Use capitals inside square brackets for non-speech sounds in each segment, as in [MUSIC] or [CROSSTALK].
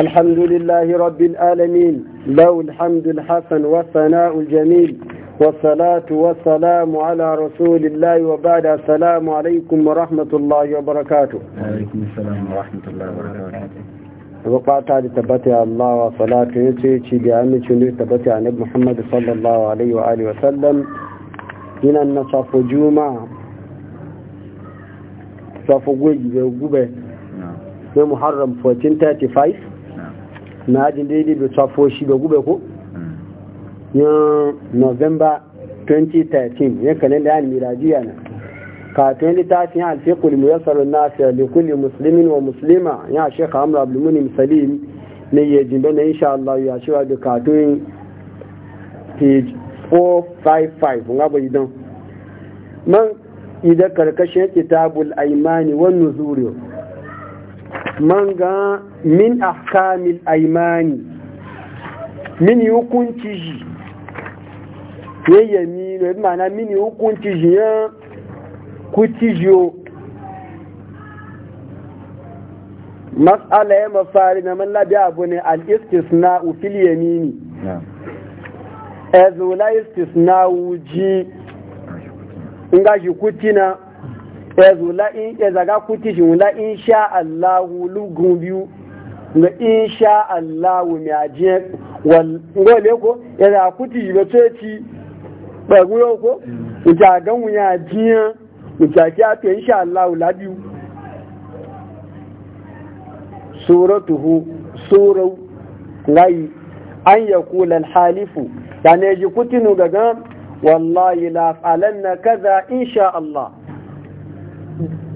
الحمد لله رب العالمين له الحمد الحسن والثناء الجميل والصلاة والسلام على رسول الله وبعد السلام عليكم ورحمة الله وبركاته وعليكم السلام ورحمة الله وبركاته وقعت على تبتع الله وصلاة يتيتي بأمي شنو تبتع نبي محمد صلى الله عليه وآله وسلم من النصف جمعة صف وجبة وجبة محرم 1435 na ajin daidai bai tsafo shi da gube ko yan novemba 2013 yan kalenda yan miradiya na katon littafin alfiqul muyassarun nafiya li kulli muslimin wa muslima ya shekha amr abdulmunim salim ne ya jinda na insha Allah ya cewa da katon page 455 nga bai man idan karkashin kitabul aimani wan nuzuriyo manga min ahkamil aimani min hukunci shi yayyami na yi mana min hukunci shi ya kuti jiyo matsala ya mafari na mallabi abu ne al-istisna ufil yamini ezula istisna uji nga shi kutina ezaga kuti shi insha Allahu lugun biyu ga insha Allahu mi ajiye wale ko ezaga kuti shi ba ceci ɓagun yau ko wuce mm. a gan wuya ajiye wuce a kya to insha Allahu la biyu suratuhu surau layi an yakula alhalifu da ne ji kutinu ga gan wallahi la alanna kaza insha Allah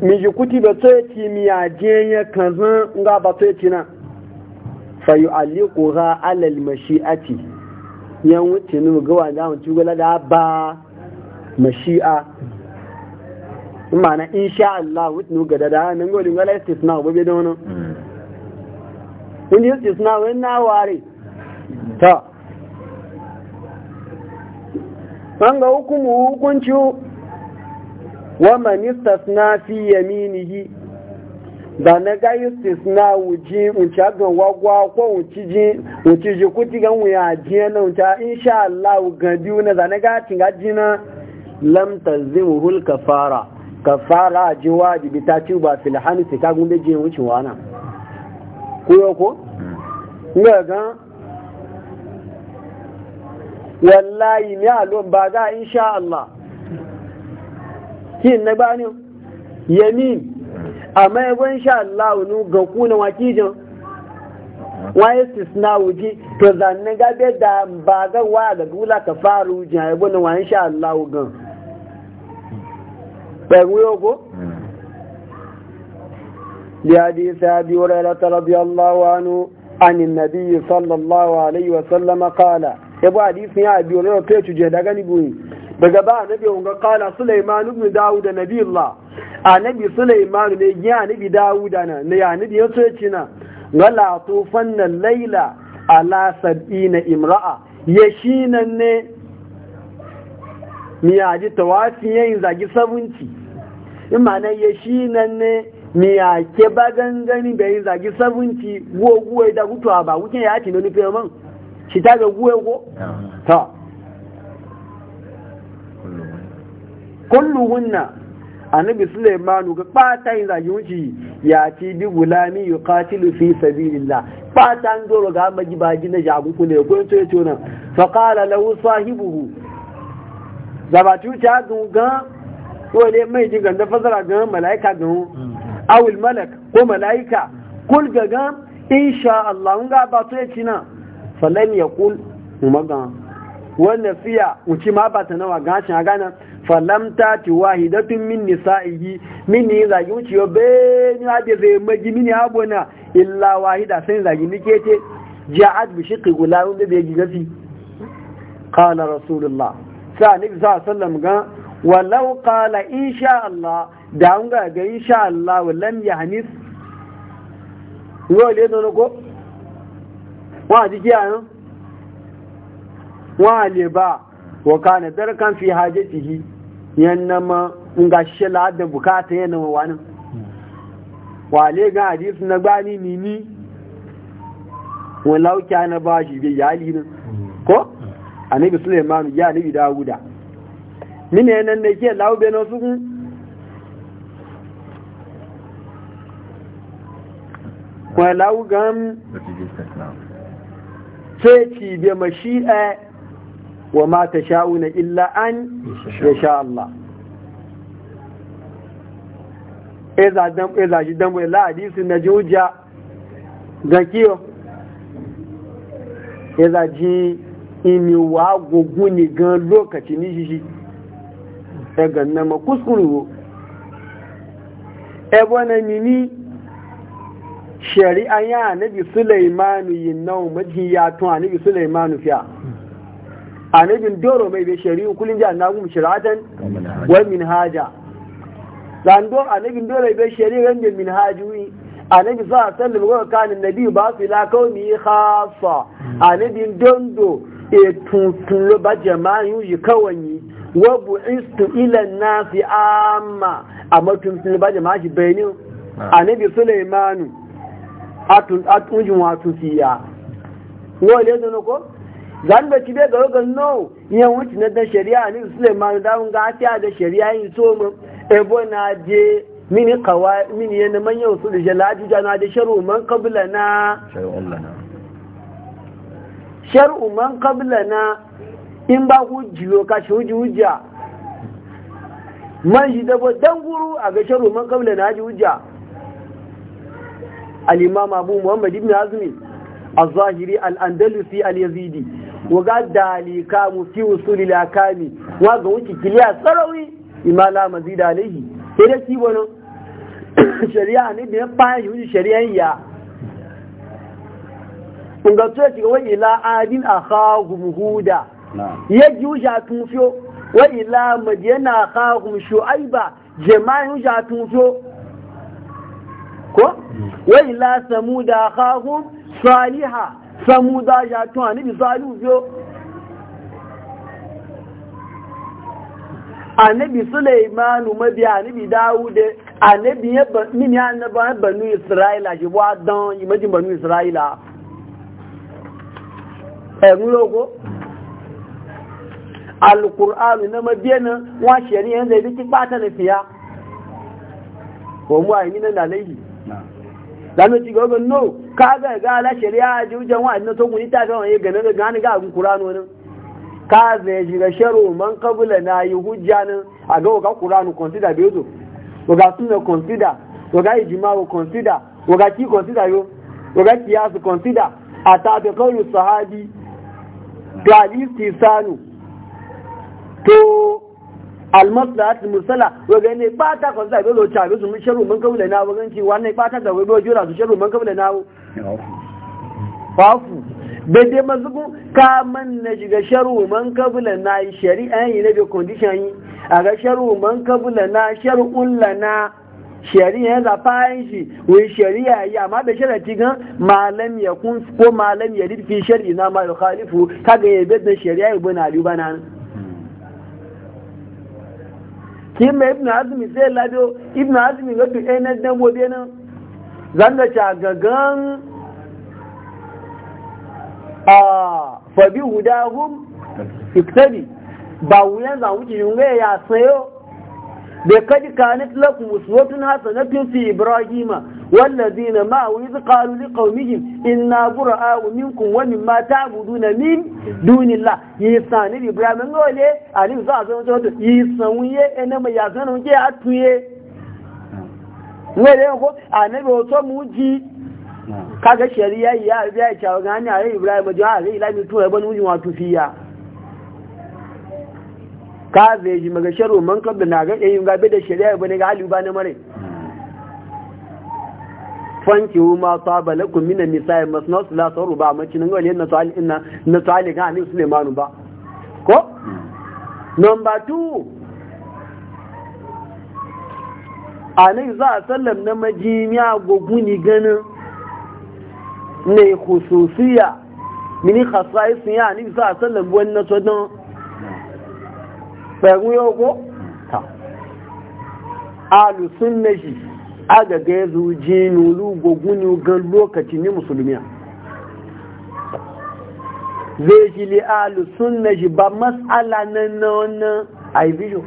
miji kuti ba so yaci miyaje ya kanzan nga ba so yaci na fayu aliku ha alal mashi'ati yan wuce ni ga wanda mun ci gola da ba mashi'a ma'ana insha Allah wuce ni ga da nan golin gola istisna ba be da wani. wani istisna wani na ware ta an ga hukumu hukunci wa man istasna fi yi. da na ga istisna wuji unci agan wagwa ko unci ji unci ji kuti gan wuya ji na unci insha Allah ga biyu na da na ga tinga ji na lam tazimu hul kafara kafara ji wajibi ta ci ba filhani hanisi ka gunde ji wucin wana ko ko ne ga wallahi ni lo ba ga insha Allah shi na ba ni yamin a maimakon sha launu ga kuna wakijin waye su suna wuji to zanen gabe da ba ga wa ga gula ka faru wujin a yabonin wayan sha launu gan ɓaruwa ya ji sabi wurin latar biyallawa wani anin nabi sallallahu alaihi wasallama kala ya bu hadisi ya biyu ne wa fecu je daga nibuyi daga ba annabi wanga kala Sulaiman ibn Dawud nabi Allah nabi Sulaiman ne ya nabi Dawud na ne ya nabi yato yace na wala tufanna laila ala sab'ina imra'a nan ne mi ji tawafi yayin zagi sabunci in shi nan ne mi ya ke ba gangani da yin zagi sabunci go da hutuwa ba wukin ya ce no nufe man shi ta ga guwe ko ta kulluhunna annabi sulaimanu ga fata yin zagi wuce ya ci bi gulami ya katilu fi sabilillah fata an zoro ga magi bagi na jaguku ne ko to yato nan fa qala lahu sahibuhu zabatu ta gunga ne mai jin ganda fasara ga malaika ga awul malak ko malaika kul ga ga insha Allah ga ba to yaci nan falam yaqul umaga wannan fiya uci ma ba ta nawa gashin a ganan falamta ti wahidatun min nisa'ihi min ni zagi wuciyo be ni hade zai maji mini abona illa wahida sai zagi nike ce ja'at bi shiqi gulam da bai gigafi qala rasulullah sa ni sa sallam ga walau qala insha Allah da an ga ga insha Allah lam ya hanis wole don ko wa ji kiyaye wa le ba wa kana darkan fi hajatihi yana ma nga shela da bukata yana wa wani wale ga hadisi na gbani nini walau na ba shi bai yali nan ko nabi Sulaiman ya annabi Dawuda mine nan ne ke laube na no su kun lauka lawo ci be mashi'a eh, wa ma ta sha'una illa an ya sha Allah eza shi damu ila su na ji hujja ga kiyo eza ji imiwa gugu ni gan lokaci ni shi shi daga nama kuskuru ebo e na nini shari'a ya nabi sulaimanu yi nau majiya tun a nabi sulaimanu fiya anabin doro mai bai shari'u kullum jihar na gumi shiratan wa minhaja zando anabin doro bai shari'u ran min minhajuyi anabi za a wasallam wa kanin nabi ba su kawai yi khassa anabin dondo e tuntun lo ba jama'a yi yi wa bu'istu ila nasi amma amma tuntun lo ba jama'a shi bayani annabi sulaimanu atun atun jin watu siya wole da ko zan da kibe ga rogan no yan wuce na dan shari'a ne Suleiman da mun ga ta da shari'a yin so mu ebo na je mini kawa mini yana manyan su da jalaji jana da sharu man qabla na sharu man qabla na in ba ku ji ka shi hujja man shi dabo dan guru a ga sharu man qabla na ji hujja al-imam abu muhammad ibn azmi الظاهري الأندلسي اليزيدي waga dalika mu fi usuli lakami wa ga wuce kiliya tsarawi imala mazid alaihi sai da kibo wani shari'a ne da fara yi wuce shari'a ya kun ga to ci ga wani ila adin akhahum huda ya ji wuce tun fiyo wa ila madiyana akhahum shu'aiba jama'in wuce tun fiyo ko wa ila samuda akhahum salihah samu za ya tún àníbi sáàlù yó àníbi suleimanu mabi àníbi dáwúdé àníbi mini annaba banu isra'ila ṣe wá dán imajin banu isra'ila ẹ̀rùn eh, lóko alukur'anu na mabi yana wọ́n wọ́n mú àìmínà yìí zanu ci gogo no ka ga ga la shari'a ji wajen wa annato ku ni ta ga wani ga na ga ni ga gun qur'ano nan ka zai shiga sharu man qabla na yi hujja nan a ga ga qur'ano consider be zo to ga sunna consider to ga ijma ko consider to ga ki consider yo to ga qiyas consider ata bi qawli sahabi to al-istisanu to almaslahat mursala wa ga ne ba ta kwanza ga zoci ga su sharu mun kabula da nawo ganci wannan ba ta da wai ba jura su sharu mun da nawo fafu bai dai mazubu ka man na shiga sharu man kabula na shari'a yi na bi condition yi a ga sharu man kabula na sharu'un lana shari'a ya zafa yin shi wai shari'a yi amma da ti gan malam ya kun ko malam ya ridfi shari'a na ma yukhalifu kaga ya bada shari'a ibn ali bana Kima ibn azumi sai lado ibn azumi ga duk ɗaya na dan gobe nan zanga da ta gagan a fabi hudahum iktabi ba wuyan zan wuce yunga ya sayo da kadi kanit lakum uswatun hasanatun fi ibrahima والذين ما وإذ قالوا لقومهم إنا براء منكم ومما تعبدون من دون الله يسان إبراهيم نقول عليه الصلاة والسلام يسان إنما يسان ويه أتويه wẹ́rẹ́ ọkọ́ ànẹ́bẹ̀ ọ̀tọ́ mú jí kága ṣẹ̀ríyà ìyá àríbí àìṣà ọ̀gá ní ààrẹ ibrahim ọjọ́ ààrẹ ìlàmì tún ẹgbọ́n ní wọ́n tún fi ya káàzẹ̀ ìjìmọ̀gẹ̀ṣẹ́rò mọ́ńkọ́bẹ̀ nàgẹ́ èyí ń ga bẹ́ẹ̀ ṣẹ̀ríyà ní ní mọ́rin fanki ma saba lakum min nisa'i masna sulasa ruba mace nan gole na tsali inna na sali ga anin Suleimanu ba ko number 2 anai za a sallam na majimiya goguni ganin ne khususiya mini yi ya ni za a sallam wannan sodan pẹ̀lú yóò kó ta alùsùn méjì aga ga ya zuji nulu gogunu gan lokaci ni musulmi. zai ji li alu sunna shi ba mas'ala na na wannan aibijo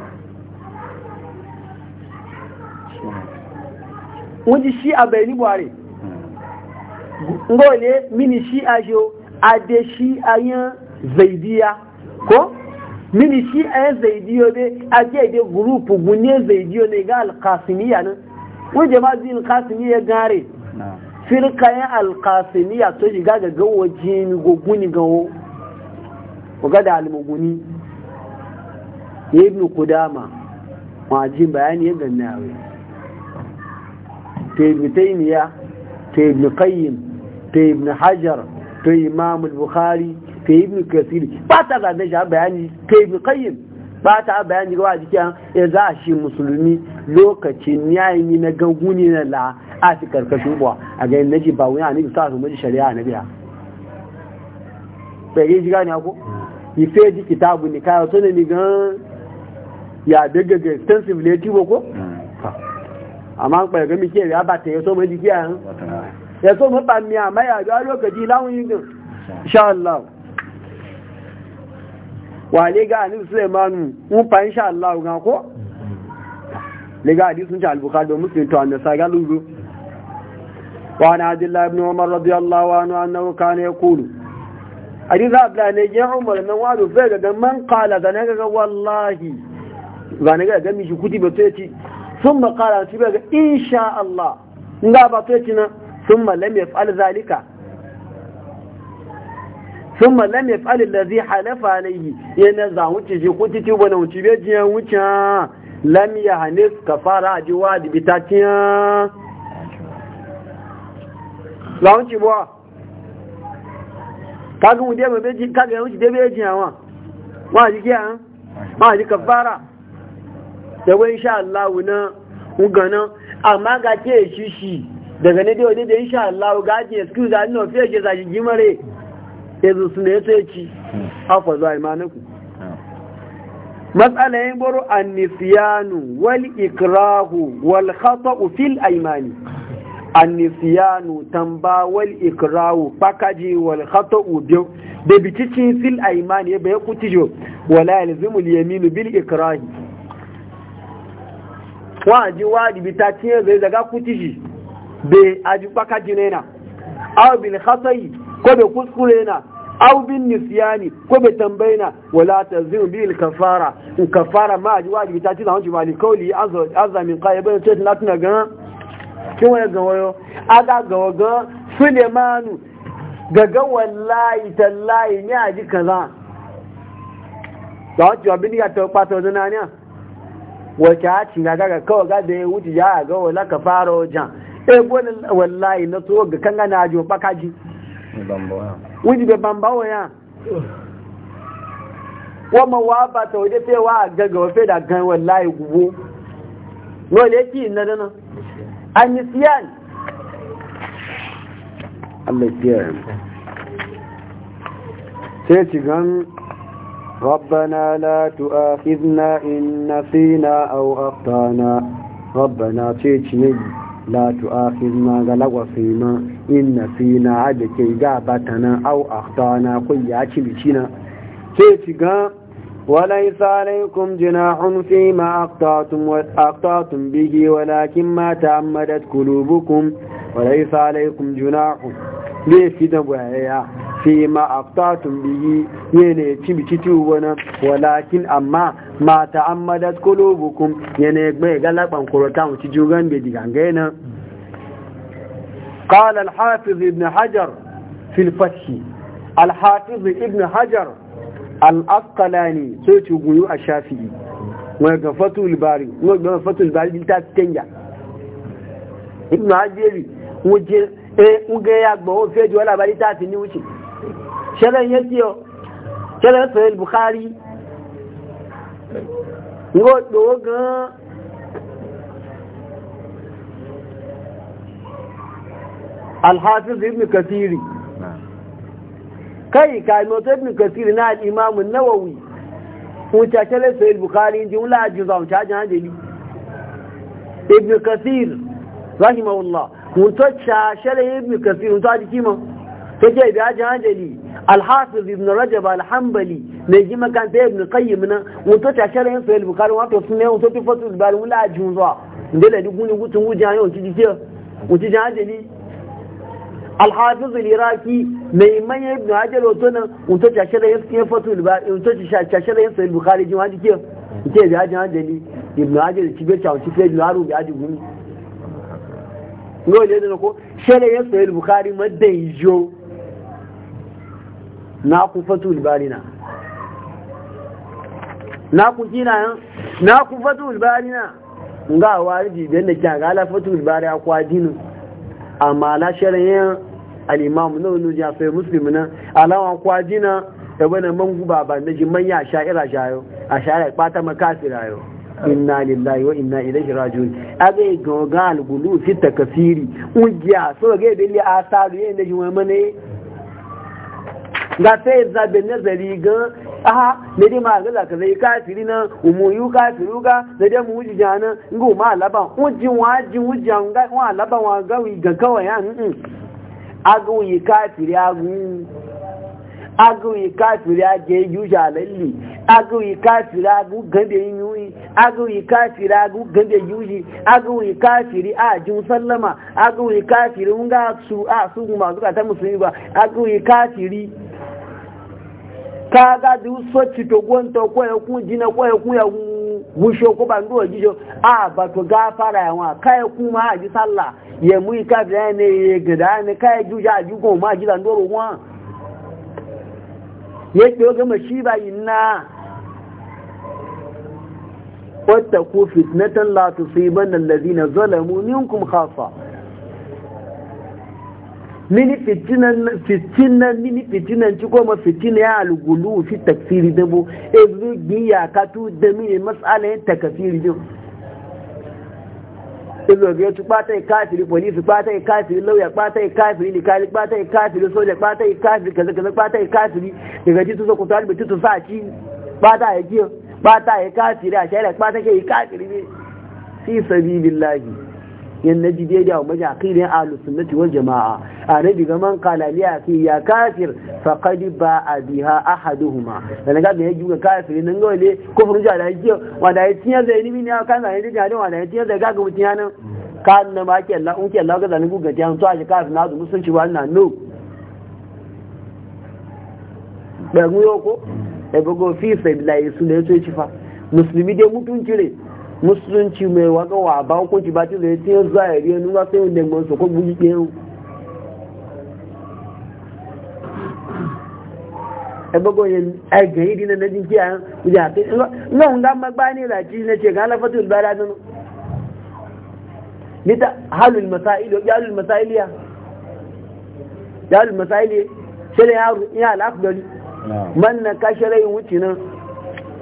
wọ́n shi a bayani buhari ngole mini shi a jo ade shi a yan zaidiya ko mini shi a yan zaidiyo dai ade de gurupu gune zaidiyo ne ga alkasimiya nan wani jama'a zini kasimi ya gare firkayen alkasimiya to shiga ga gawaje ni goguni gawo ga da almuguni ya ibn kudama majin bayani ya ganna yawe ta yi taimiya ta ibn qayyim ta ibn hajar ta yi al-bukhari ta ibn kasiri ba ta zaɓe shi bayani ta ibn qayyim ba ta bayani ga wajen kiyan ya za a shi musulmi lokacin yayin yi na ganguni na la a fi karkashin kuwa a ga yin naji ba wani nufi sa su maji shari'a na biya bai yi gani ako yi ji kitabu ne kayan to ne ni gan ya daga ga extensive ne tibo ko amma kwa ga mike ya ba ta so maji kiyan ya so mabamiya ya ga lokaci lawun yi insha Allah wale ga anil sulaimanu mun fa insha Allah ga ko le ga hadisin ta al-bukhari da muslim to an sa ga lugo wa ana abdullah ibn umar radiyallahu anhu annahu kana yaqulu hadis abdullah ne ya umar nan wa do fe ga man qala da ga ga wallahi ga ne ga mi shi kuti ba sai thumma qala ba ga insha Allah nga ba sai na thumma lam yaf'al zalika sun mallam ya fali da zai halafa alaihi yana za wuce shi ko titi wani wuce bai jiyan wuce lam ya hane ka fara a jiwa da bita tiya za wuce buwa kagin wuce bai jiyan kagin wuce bai jiyan wa ma ji kiya ma ji ka fara da wai insha Allah wuna ugana amma daga ne dai wani yanzu su ne hmm. hmm. ya ci hafa zuwa imanaku matsala yin baro an nisiyanu wal ikrahu wal khata'u fil aimani an nisiyanu tamba wal ikrahu pakaji wal khata'u biyu da bikicin fil aimani ya kuti jo wala yalzimul yaminu bil ikrahi waji wajibi ta ciye zai daga kutiji bai aji pakaji nena aw bil khata'i ko bai kuskure na au bin nisyani ko bai tambaye na wala tazimu bil kafara in kafara ma ji wajibi ta tina wanci mali kauli azza min qayyiban sai na tuna ga kin waya ga wayo aga ga ga Sulemanu gaga wallahi tallahi ne a ji kaza da wacce abin ya ta ɓata wajen na ne wacce a cin gaga ga kawai ga da ya wuce ya ga wala ka fara wajen ɗaya e, wallahi na so ga kan na ajiyo ɓakaji wọ́n jìbẹ̀ bàmbá wọ̀ yá wọ́n mọ̀ wá bàtà òjé fẹ́ wá gẹ́gẹ́ òfẹ́ dà gan wọ̀ láì wúwo wọ́n lè kí iná anisiyan anisiyan sai ci gan ربنا لا تؤاخذنا إن نسينا la tu'akhidna gala wa fima inna fina ada ke ga batana aw akhtana ko ya ci bicina ke ci ga walaysa alaykum jinahun fima aqtatum wa walakin ma ta'ammadat qulubukum walaysa alaykum fi da baya fi ma aftatun ne yana ci bi biciti wani walakin amma ma ta'ammadat qulubukum yana gbe galaban kurata mu ci jugan be diganga na qala al-hafiz ibn hajar fi al-fath al-hafiz ibn hajar al-asqalani so ci guyu a shafi'i wa ga fatul bari wa ga fatul e, bari ta tenja ibn hajiri wuje eh uge ya gbo o fejo bari ta ti ni wuce sharan ya tiyo sharan sahih bukhari ngo doga al-hafiz ibn kathiri kai kai mota ibn kathiri na al-imam an-nawawi wuce sharan sahih bukhari jumla juzam ta jahili ibn kathir rahimahullah wuce sharan ibn kathiri wuce kima take da jahili alhafiz ibn rajab alhambali mai ji makanta ibn qayyim nan wato ta sharhin sahih bukhari wato sunne wato fi fatul bari wala zuwa inda da duk wani gutun wujan yau ci dike wuci jan ajali alhafiz al mai manyan ibn hajar wato nan wato ta sharhin sahih fatul bari wato ta sharhin sahih bukhari ji wani ke bi ajali ibn hajar ci ta haru bi gumi da ko madan na ku fatul barina na ku kina yan na ku fatul barina nga wari bi da kya ga la fatul bari akwa dinu amma la shari'a al-imam ya sai muslim na alawa akwa dina da wani mangu baba na jimman ya sha'ira shayo a sha'ira fata makasira yo inna lillahi wa inna ilaihi rajiun aga goga al-gulu fi takfiri ujiya so ga bi li yin ne ji wani ga za bene nazari ga aha ne dai ma ga ka zai kafiri na umuyu kafiru ga ne dai mu wuji jana ma laban wuji waji wuji ga wa laban wa ga wi ga ya an agun yi kafiri agun agun yi kafiri aje yuja lalli yi yi yi a ji sallama yi kafiri nga su a su ma zuka ta musulmi ba kaga da soci to gwanta ko ya kun jina ko ya kun ya wusho ko ban duwa gijo a ba to gafara yawa kai ku a ji sallah ya mu ka da ne ya gida ne kai ja ju ko ma ji dan doro wa yake ga mashi ba inna wattaku fitnatan la tusibanna alladhina zalamu minkum khafa mini fitinan fitinan mini fitinan ci goma fitina ya alugulu fi tafsiri da bu ezu giya ka tu da mini masalayin takafiri din ezu ga tu pata e kafiri police pata e kafiri lawyer pata e kafiri likali pata e kafiri soja pata e kafiri kaza kaza pata e kafiri daga titu so ko talbe titu sa ci pata e kiyo pata e kafiri a shaida pata ke kafiri ne fi sabilillahi yan naji daidai a maji aqirin ahlus sunnati wal jamaa annabi ga man qala li akhi ya kafir faqad ba'a biha ahaduhuma dan ga me yuga kafir nan ga le kufur ja da ji wa da tiya zai ni mini kan da ni da wa da tiya zai ga gumti nan kan na ma ke Allah un ke Allah ga zani guga tiya to a ji kafir na zu musunci ba na no da mu yoko e bugo fi sai la yesu da yato ci fa musulmi dai mutunci ne musulunci mai waga wa ba hukunci ba tilai ta a zahiri yin ba sai wanda gbansu ko guji ɗayan ẹgbẹ́gbọ́ yẹn ẹgbẹ́ yìí dínà lẹ́jìn kí àyàn ìjà àti magba ne da na ce ga ba da halul ya man na kashirai wuce nan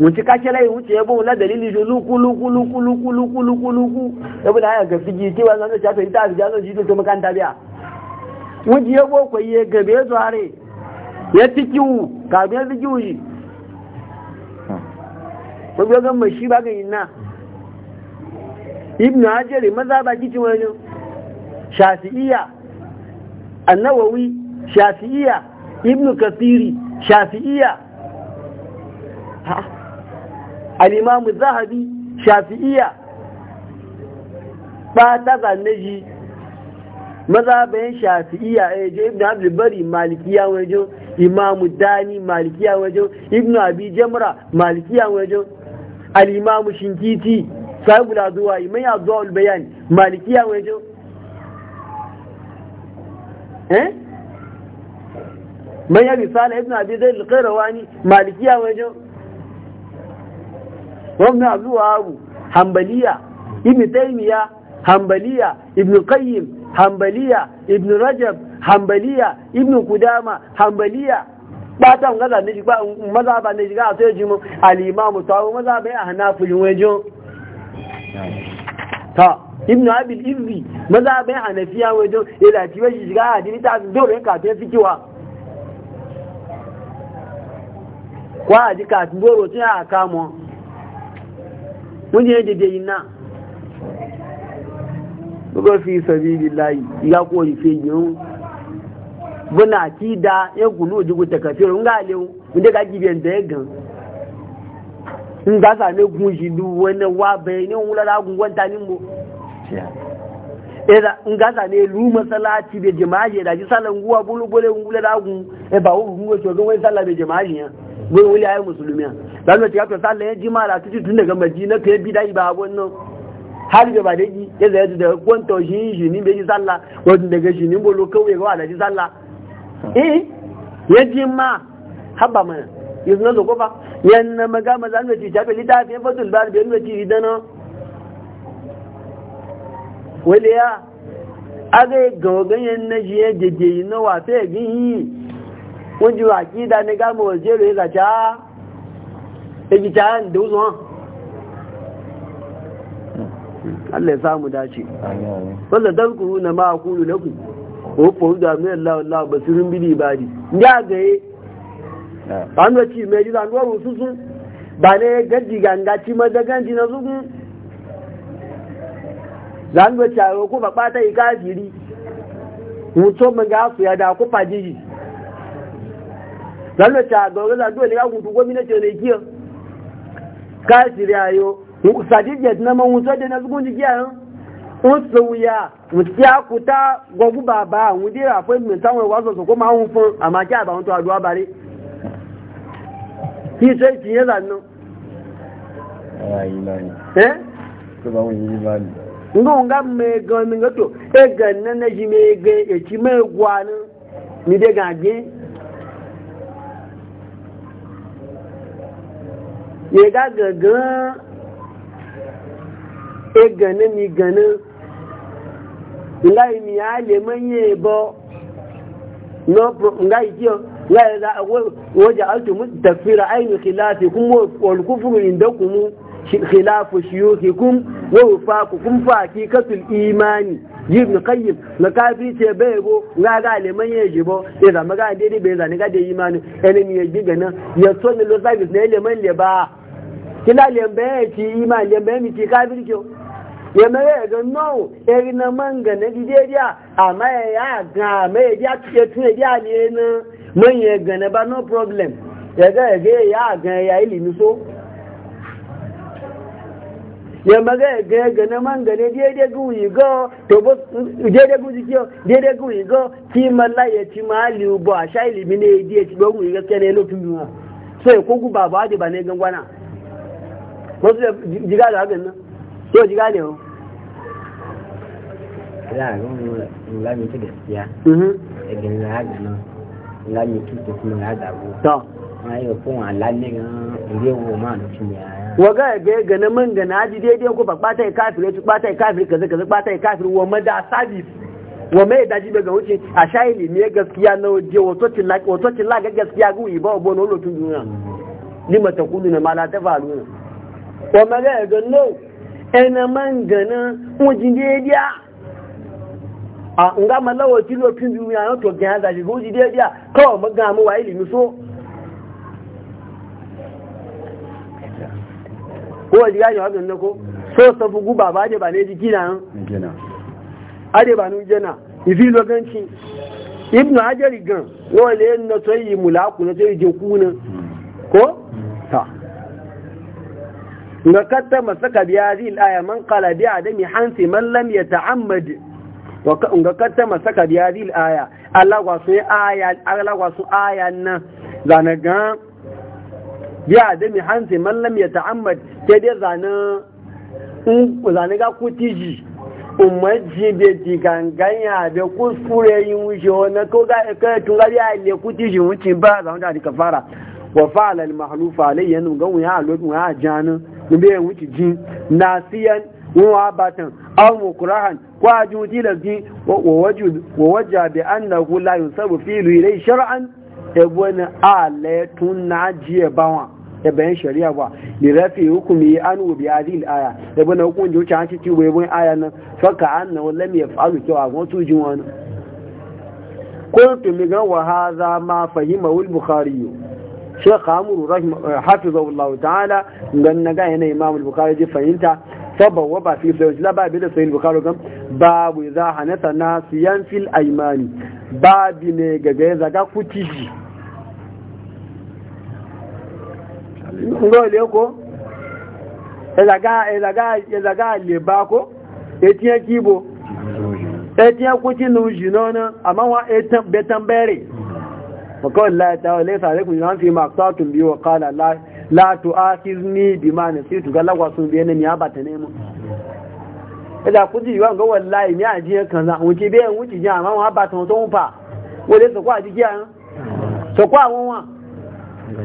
wuce kashe lai wuce ya bula dalili shi luku luku luku luku luku luku luku ya bula haya ga fiji ke wa zanen shafe ta fi jazon shi to makanta biya wuce ya boko ya gabe ya zuware ya fi kiwu kafin ya fi kiwu shi ko biyo gan mai shi ba gan inna ibnu hajjari maza ba kici wani shafi'iya annawawi shafi'iya Ibn kasiri shafi'iya al'imamu zahabi shafi'iya ba ta zanne shi maza bayan shafi'iya a eh, je ibn abdulbari malikiya wajo imamu dani malikiya wajo ibn abi jamra malikiya wajo al'imamu shinkiti sahibu da zuwa imai a zuwa ulbayan malikiya wajo eh man ya risala ibn abi zaid al-qayrawani malikiya wajo wannan zuwa abu hambaliya ibn taymiya hambaliya ibn qayyim hambaliya ibn rajab hambaliya ibn kudama hambaliya bata ngaza ne ji ba maza ba ne ji ga sai ji mu al-imam tawo maza bai a hanafu yin wajo ta ibn abil izzi maza bai hanafiya wajo ila ji wai ji ga hadini ta dole ka ta fikiwa kwa ji ka dole tun a kamo wunye dede yi na buga fi sabi lillahi ya kori fi yi buna ki da ya kunu jigu ta kafiyar nga lewu inda ka gibiyan da ya e gan in ga ne gun shi du wani wa bai ne wula da gun gwanta ni mo in ga ne lu masalaci da jima'i da ji salan guwa bulu bulu wula da gun e ba wula gun ga shogun wai sallah da jima'i ya wuli musulmiya zan ci haka sallah ya jima da tuci tun daga madina ta yabi dai ba wannan har da ba dai ya zai da kwanta shi shi ni bai sallah wannan daga shi ni bolo kawai ga wala ji sallah eh ya jima haba mana yanzu suna zo ko fa yanna maga maza an ci tabe litafi fadul bar bai nuna ci dana waliya aga ga ganyen na ya jeje yi na wa ya gini yi kun da ni gama ne ga mu wajero ya zaca yake da wuzuwa Allah samu dace wanda dalkuru na ma akulu na ku ko da mai Allah basirin bili bari ya gaye ba da ci mai jiran ruwa rususu ba ne gaji ganga ci madagan na zugun zan da caro ko ba bata yi kafiri? mun ga su ya da ku a zan da caro zan da ne ga gutu gwamnati ne kiyo kafiri ayo sadidiyat na man wuce da na zugun jigiya wuya wuce ya kuta gwagu baba wuce ya fi mai samun wasu ko ma hau fun a maki a bawon tuwaduwa bare ki sai ki yi zannu ah, eh? nga nga me gan nga to e gan na na ji me ga e ti me gwanin ni de gaje ya ga gagan e ganin mi ganin ngai mi ale manye bo no ngai kiyo ngai da wo ja altu mutafira ainu khilafi kum wo wal kufru indakum khilafu shuyukikum wa kum fa hakikatul imani ibn qayyim na kafi ce bai go ga ga leman ya ji bo ya zama ga daidai bai zani ga da imani enemi ya ji ganin ya so ne lo service ne leman le ba kila lembe ci ima lembe mi ci kafir kyo ya mere ga no eri na manga na dideria ama ya ga me ya ya tun ya ni na mun ya ga na ba no problem ya ga ga ya ga ya ilimi so ya maga ga ga na manga ne dede gu yi go to bo dede gu ji kyo dede gu yi go ti mala ya ti mali ubo asha ilimi ne dede ti go gu yi ga kene lo tun ha so e ko gu baba ade ba ne gangwana wasu da jiga da hakan nan yau jiga ne yau ya ga lami ta gaskiya da mhm. gina haɗa nan lami tuta kuma ya zabu to ma yi kuma alalle ga ɗaya wo da ya waga ga ga na man ga naji daidai ko ba ɓata ya kafir ya ci ɓata ya kafir kaza kaza ɓata ya kafir wa mada sabis wa mai daji daga wuce a shayi limiye gaskiya na waje watocin la gaskiya ga wuyi ba wa bono lotun duniya mm. ta kudu na ma ta faru na wa maga ga no ena mangana wajinde a nga malawa kilo pin biyu ya to ga da ji goji dia dia kawai maga mu wa ilimi so ko ji ko so baba gina ade jena ibnu ajari gan wole na yi mulaku na to yi jekuna hmm. ko ta na katta masaka biya zil aya man qala bi adami hansi man lam ya wa ga katta masaka biya zil aya Allah wa su aya Allah wa su aya nan zana ga bi adami hansi man lam ya yata'ammad ke dai zana in zana ga kutiji umarci da ganganya da kuskure yin wuce wani ko ga ka tun gari a ile kutiji wuce ba zama da ka fara wa fa'ala al-mahlufa alayhi yanu ga wuya a lokacin wuya a mbe ya wuce ji siyan wa batan aw mukrahan ko da ji wa waju wa waja bi annahu la yunsabu fi ilay shar'an ebona ala tun najiye bawa da e bayan shari'a ba li rafi hukumi an bi hadhihi al-aya ebona hukun juci an ci bai bin aya nan faka annahu lam yaf'alu a wato ji wani wa لغا وهذا ما فهمه البخاري shekh amuru eh, hafizahullahu ta'ala gan na ga yana imam al-bukhari ji fahimta sabon wa ba fi sayin la ba bi da sayin bukhari gan babu za hanata nasiyan fil aymani babi ne gaga ya zaga kutiji ngole ko ezaga ezaga ezaga le ba ko etiyan kibo etiyan kuti nu jinona amma wa etan betan وقال الله تعالى ليس عليكم جناح فيما اخطأتم به وقال لا لا تؤاخذني بما نسيت قال لك وصول بينا يا باتنيم إذا كنت يوان قول والله ما أجي كذا وانت بين وانت جاء ما هو باتن تومبا وليس قوة جيان سقوة وما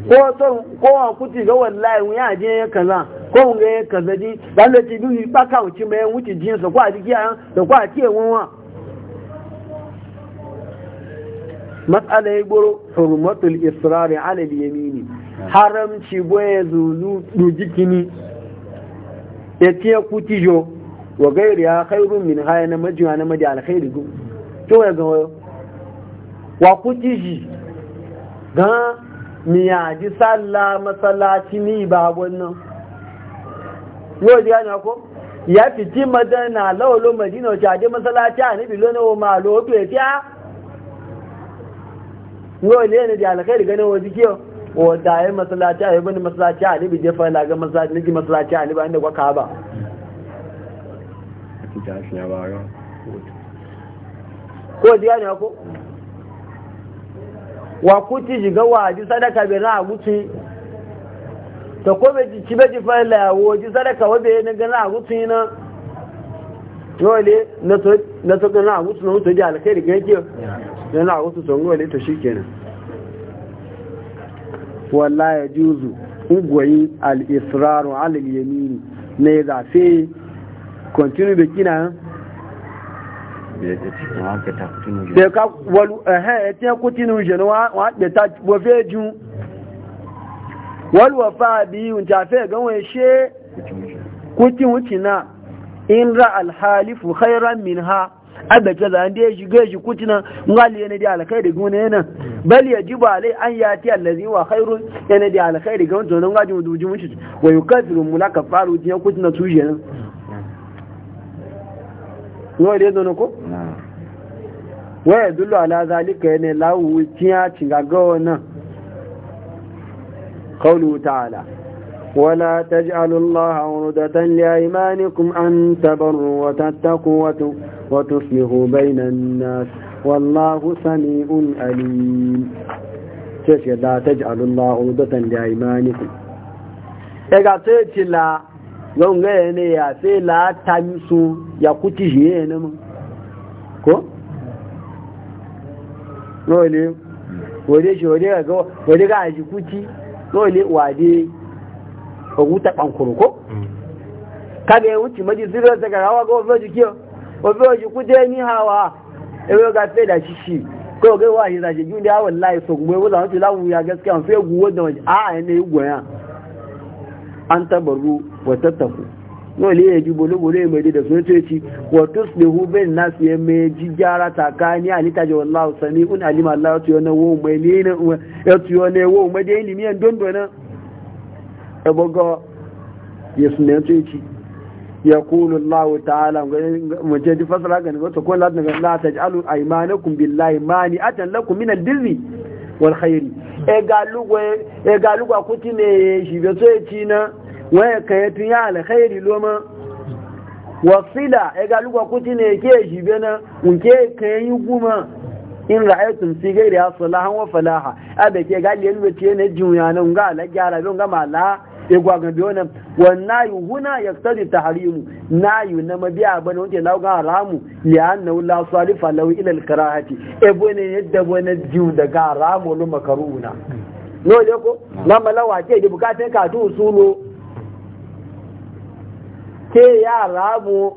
ko to ko wa kuti ga wallahi mu ya je kaza ko mu ga kaza ji dan da ti bi ba ka wuci mai wuci jin sa ko a jiki an da ko a ce wonwa matsala ya goro hurmatul israri alal yamini haramci boye zulu dujikini ya tiya kutijo wa gairi ya khairun min haya na majiya na maji alkhairi gu to ya gawo wa kutiji ga miya ji salla masallaci ni ba wannan yau ji yana ko ya fiti madana lawalo madina wace a je masallaci a ni bilona wa malo to ya fiya yau ne ne da alkhairi ganin wajen kiyo wata ya masalaci a yabin masalaci a ne bije fara ga masalaci masalaci a ne ba inda kwaka ba ko diya ne ko wa kuti shiga waji sadaka bai na guci ta ko bai ci bai ji fara la waji sadaka wa bai ne ga na guci na dole na to na to na guci na to ji alkhairi ga kiyo yana wasu tsongo ne shi kenan walla ya juzu ugwayi al-israru alal yamini ne za fi continue da kina da eh? ka walu ya etin kutinu je wa de ta wafe fe ju wal wafa bi un ta fe gan we she kutin na in ra alhalifu hairan min ha ke za an dai shiga shi kutina ngali yana da alkai da gune yana bal yajibu alai an yati allazi wa khairu yana da alkai da gune to nan mu duji mun shi wa yukathiru mulaka faru tiya kutina tuje nan no dai don ko wa yadullu ala zalika yana lawu tiya cinga ga wannan qawlu ta'ala ولا تجعلوا الله عرضة لأيمانكم أن تبروا وتتقوا وتصلحوا بين الناس والله سميع أليم كيف لا تجعلوا الله عرضة لأيمانكم إذا تجعل gongaye ne ya sai la ta su ya kuti shi ne mu ko role wode shi wode ga wode ga ji kuti role wade ko wuta bankuru ko kaga ya wuce maji zira ta ga rawa ga wafi jiki wafi ni hawa ewe ga fe da shi shi ko ga wa shi zaje juni ha wallahi so gwe wa zamu lawu ya gaskiya an fe guwo da waje a a ne goya an tabaru wa tattaku no le yaji bolo bolo mai da sun ce ci wa tuslihu bin nas ya mai jigara takani ali taje wallahi sami'un alima allah to yana wo mai ne ya to yana wo mai da ilimi don donan ebogo ya sune tsoci ya kunu Allah ta'ala mace ji fasara ga nufata ko la daga la taj'alu aymanakum billahi mani a can min minan birri wal khairi e galugo e kuti ne e e ya yi shi ya ci na waya kai tun ya alkhairi loma wasila e galugo kuti ne ya ke e shi be na unke kai yi guma in ra'aytum fi ghairi salahan wa falaha abe ke ga liyan wace ne juya nan ga la gyara don ga mala ya gwagan biyo nan wannan huna ya tsari ta harimu na yi na mabiya bane wanda na ga haramu ya na wula salifa lau ilal alkarahati e ne yadda bone jiu daga haramu lu makaruna no le ko na malawa ke da bukatun ka tu sulo ke ya haramu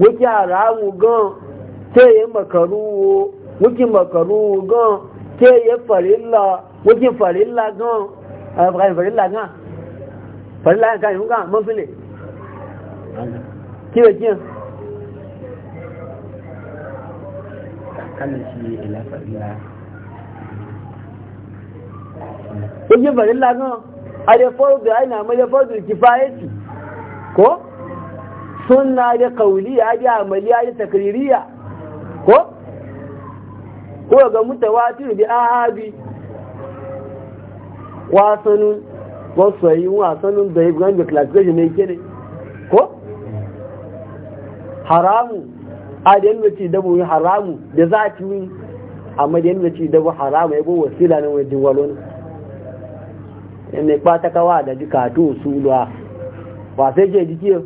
wuki haramu gan ke ya makaru wuki makaru gan ke ya farilla wuki farilla gan farilla gan farilla yanka yi a man shi a da fardu ya ina mai da fardu kifayeti ko sunna da kauliya da amaliya da takririya ko ko ga mutawatir bi ahabi wasanun wasu yi wasannin da ya gani classification ne ke ne ko haramu a da yanzu ci dabo yi haramu da za a ci yi amma da yanzu ci dabo haramu ya bo wasila na wajen walon ne kwata kawa da ji kato su luwa ba sai ke jiki yau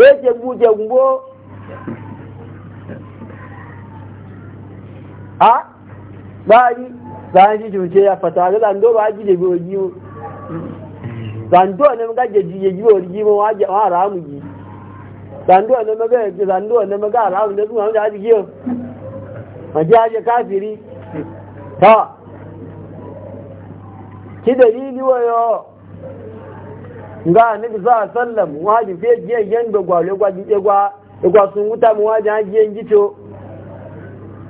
sai ke buje gumbo a ba yi za a ya fata ga zando ba a ji da biyo zando ne maga jeji yeji ori ji wa wa ra mu ji zando ne maga ji zando ne maga ra mu ne kuma ja ji giyo ma ja je kafiri ta ki dalili wayo nga ne bi sallam wa ji fe ji yen do gwa le gwa ji wuta mu wa ja ji en ji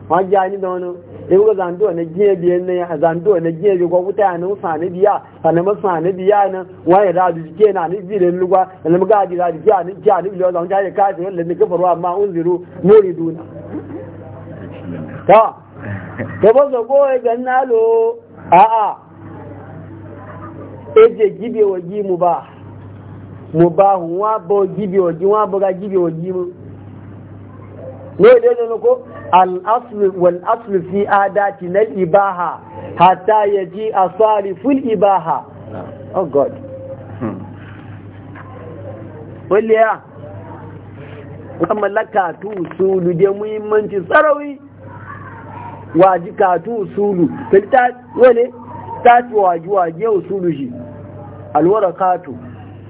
ma ja ni dono in [LAUGHS] ga zando na giye biye ne ya zando na giye biye ko kuta nan sani biya sanan ma sani biya nan waye da ji ke na ni biye lugwa nan ga ji da ji a ni ja ni biyo zan ja ya kafi wala ni kafaru amma unziru muriduna ta to ba zo goye gannalo a a eje gibe wa gi mu ba mu ba wa bo gibe wa gi wa bo ga gibe wa gi mu ne dai ne ko الأصل والأصل في آداتنا الإباحة حتى يجيء صارف الإباحة Oh God قل لي يا kuma lakatu usulu da muhimmanci tsarawi waji katu usulu filta wale ta ci waji waje usulu shi alwarakatu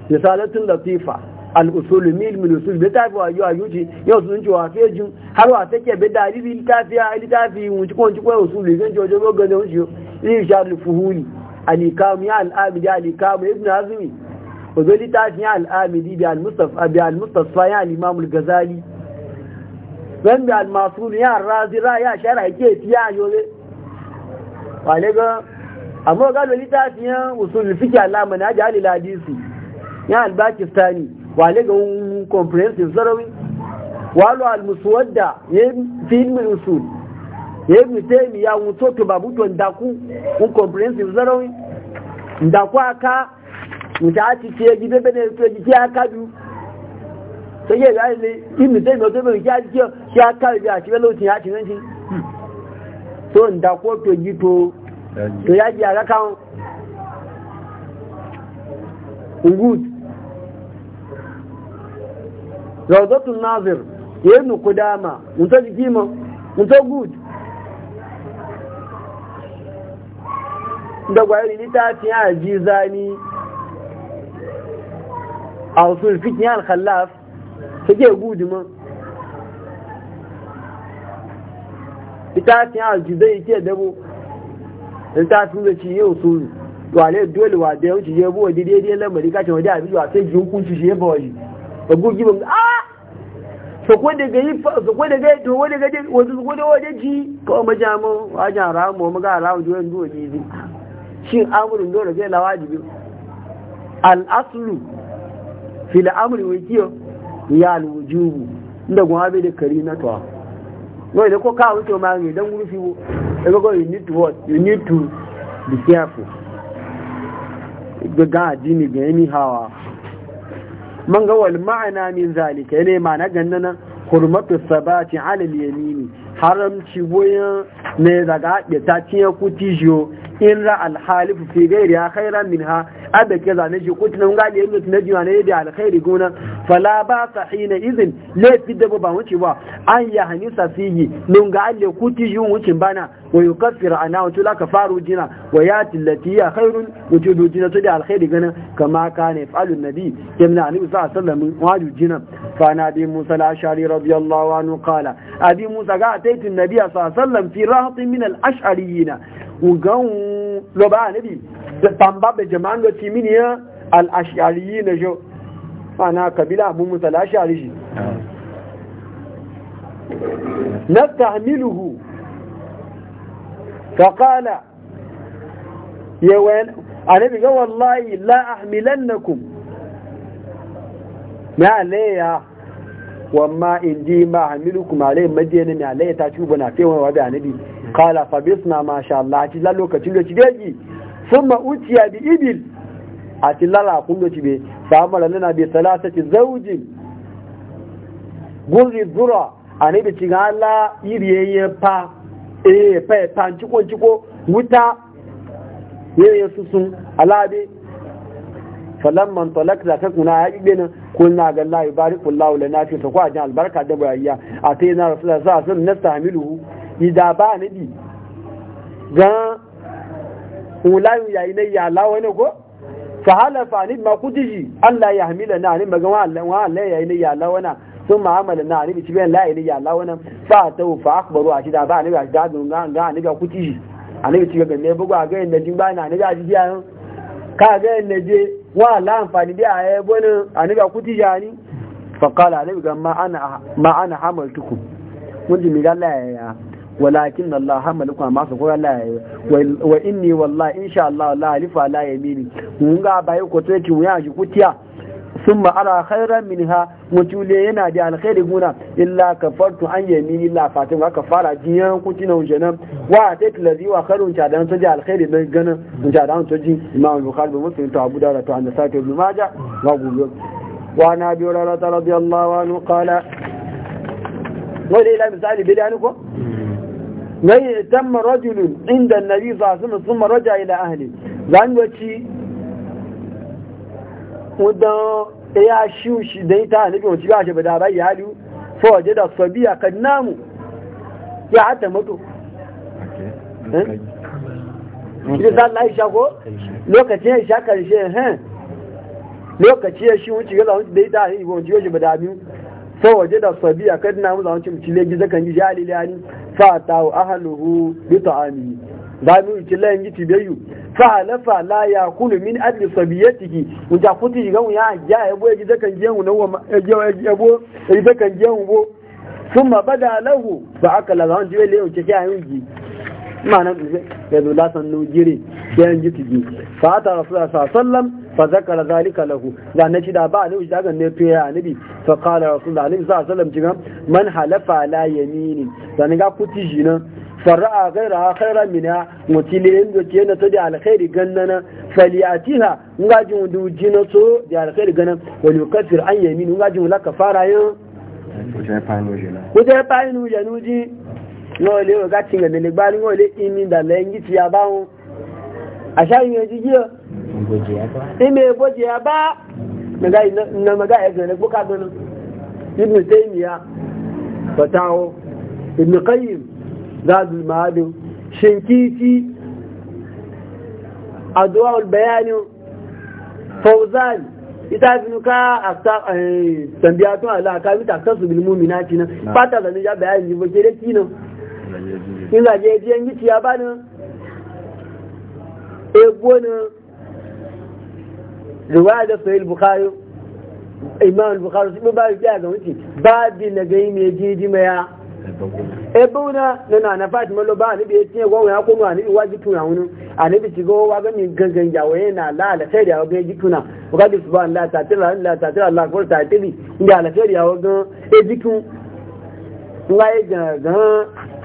misalatun latifa al'usulu mil mil usul bai tafi wa yiwa yuci yau sun ci wa fejin har wa take bai da alibi littafi a littafi wunci ko wunci ko usulu zan ci wajen gogane yi zai sha alfuhuli alikamu ya al'amidi alikamu ibn azumi wazo littafi ya al'amidi bi al-mustafa ya al-imamul gazali zan bi al-masulu ya ra ya shara ke tiya Wa wale ga amma ga littafi ya usul fiki alama na jali hadisi ya al-bakistani wale ga comprehensive zarawi walo almuswadda ya usul ya yi ya wuto to ndaku un comprehensive zarawi ndaku aka mutu a cikin gibe bane to jiki aka du to yi ga ile ilmin zai mutu bane ya jiki ya aka du a cikin lokacin ya cikin to ndaku to ji to to ya ji a rawdatun nazir ibn kudama mun ta jiki ma mun ta good da gwayar littafin a jizani a usul fikin al-khallaf take gudu ma littafin a jizai ke dabo littafin da ci yi wasu wale dole wa da yau ci je buwa daidai lamari kacin waje a biyu a sai ji hukunci shi ya bawa shi ba gugu ba a ah, sokwe daga yi fa sokwe daga to wani daga ji wasu sokwe da waje ji ko ma jamu wajen ramu ma ga ramu duwan duwa ji ji shin amurin dole zai lawa jibi al aslu fil amri wa kiyo ya al wujubu inda gwa bai da kari na to no da ko ka wuce ma ne dan gurfi wo daga go you need to what you need to be careful ga ga ji ni ga ni hawa man ga ma'ana min zalika yana ma'ana gannan hurmatu sabati ala yamini haramci boyan ne daga da ta tiya ku tijo in ra alhalifu fi gairi ya khairan min ha adda ke zane shi ko tunan ga da yadda tunan jiwa ne da alkhairi gona fala ba sa hina izin laifin da ba wuce ba an ya hanisa fihi nun ga alle kuti yi wucin bana wa yukaffira ana wato la faru jina wa ya allati ya khairun wujudu jina to da alkhairi gana kama ka kana yafalu nabi yamna annabi sallallahu alaihi wasallam waju jina fa na bi musa la ashari radiyallahu anhu qala abi musa ga taitun nabi sallallahu alaihi wasallam fi rahatin min al-ash'ariyina ugan lo ba nabi da pamba be jama'an lo timiniya al ash'ariyi na jo ana kabila mu musal la ash'ari shi nastahmiluhu fa qala ya wal anabi ga wallahi la ahmilannakum ma laya wamma indi ma ahmilukum alayhi madiyana ma alayhi ta tubu na fewa wa ga anabi kala fabisna masha Allah ci la lokacin da ci gaji summa utiya bi ibil a ci lala kun da ci be samara lana bi salasati zawjin gurri dura ane bi cin Allah iriye pa e pa pa ciko ciko wuta yeye susun alabi falamman talakta ta kuna ya ibe nan kuna ga Allah ya bari kullahu lana fi ta kwa jan albarka da bayayya a ta yana rasulullah sallallahu alaihi nasta hamilu idaba nabi gan ulayu yayi ne ya lawa ne ko fa ni ma kudiji Allah ya hamila na ni magan wa Allah wa Allah yayi ne ya lawa na sun ma'amala na ni bi la yayi ne ya fa a ba ni ni ka je bi a ni ma ana ma ana mun ji walakin Allah ha malikun ma su koyar la yayi wa inni wallahi insha Allah la alifa la yamini mun ga bai ko to yake wuya ji kutiya summa ara khairan minha mutule yana da alkhairi guna illa kafartu an yamini illa fatin ka fara jiyan kutina wajenan wa ta tilazi wa khairun ta dan taji alkhairi dan ganin ta dan taji imam bukhari da muslim to abu dawud to annasai ibn majah wa gulo wa na bi rarata radiyallahu anhu qala wani ila misali bidani ko gai tamma rajulun inda nabi sallallahu sun wasallam raja ila ahli zan gaci wadan ya shi shi dai ta nabi wace ba shi bada bai yadu fa waje da sabiya kan namu ya hata mutu eh? shi da Allah ya ko lokacin ya sha karshe eh lokaci ya shi wuce ga zan dai ta nabi wace ba da biyu fa waje da sabiya kad na mu zamanci mu cile gizo kan ji alili ani fa ta ahluhu bi ta'ami da mu cile ngi ti beyu fa la fa la ya kulu min ajli sabiyatihi mu ja kuti ga mu ya ja ya bo gizo kan ji mu nawa ya bo gizo kan ji mu bo thumma bada lahu fa akala zan ji le o ce ya yi ma'ana ya zo lasan nujiri ya yi jitigi ji ta rasu da sa sallam fa zakara zalika lahu da na ci da ba ne shi daga ne to ya anabi fa kala rasu da anabi sa sallam cikin man halafa la yamini da ni ga kuti shi nan a gaira khaira mina mutile yin da ke na to da alkhairi gannana faliyatiha ngajin duji na so da alkhairi ganan wani kafir an yamini ngajin ka kafara yin ko ta fayin nuji wọ́n lé ọ̀gá ti rẹ̀ lè gbá ní wọ́n lé imi ìdàlẹ̀ yìí ti yàbá wọn àṣàyàn jíjí ime ìbòjì yàbá na maga ẹgbẹ̀rẹ̀ gbókà gbẹ̀nu ibn taymiya fatawo ibn qayyim fawzan ita fi nuka a eh, tambiyatun alaka mita tasu bilmumi na cinan fata da ni ya bayani ba ke nígbà jẹ́ ẹjí ẹni tí ba bá ní egbó ní riwaya da sahih bukhari imam bukhari su ba ya ga wuce ba bi na ga mai jiji mai ya ebe na na fatima lo ba ni bi tinye gwanwa ya kuma ni waji tuna wunu a ni bi tigo ga gangan na la sai da ga ji tuna ga bi subhan la ta tira la ta tira la ko da ga e jikun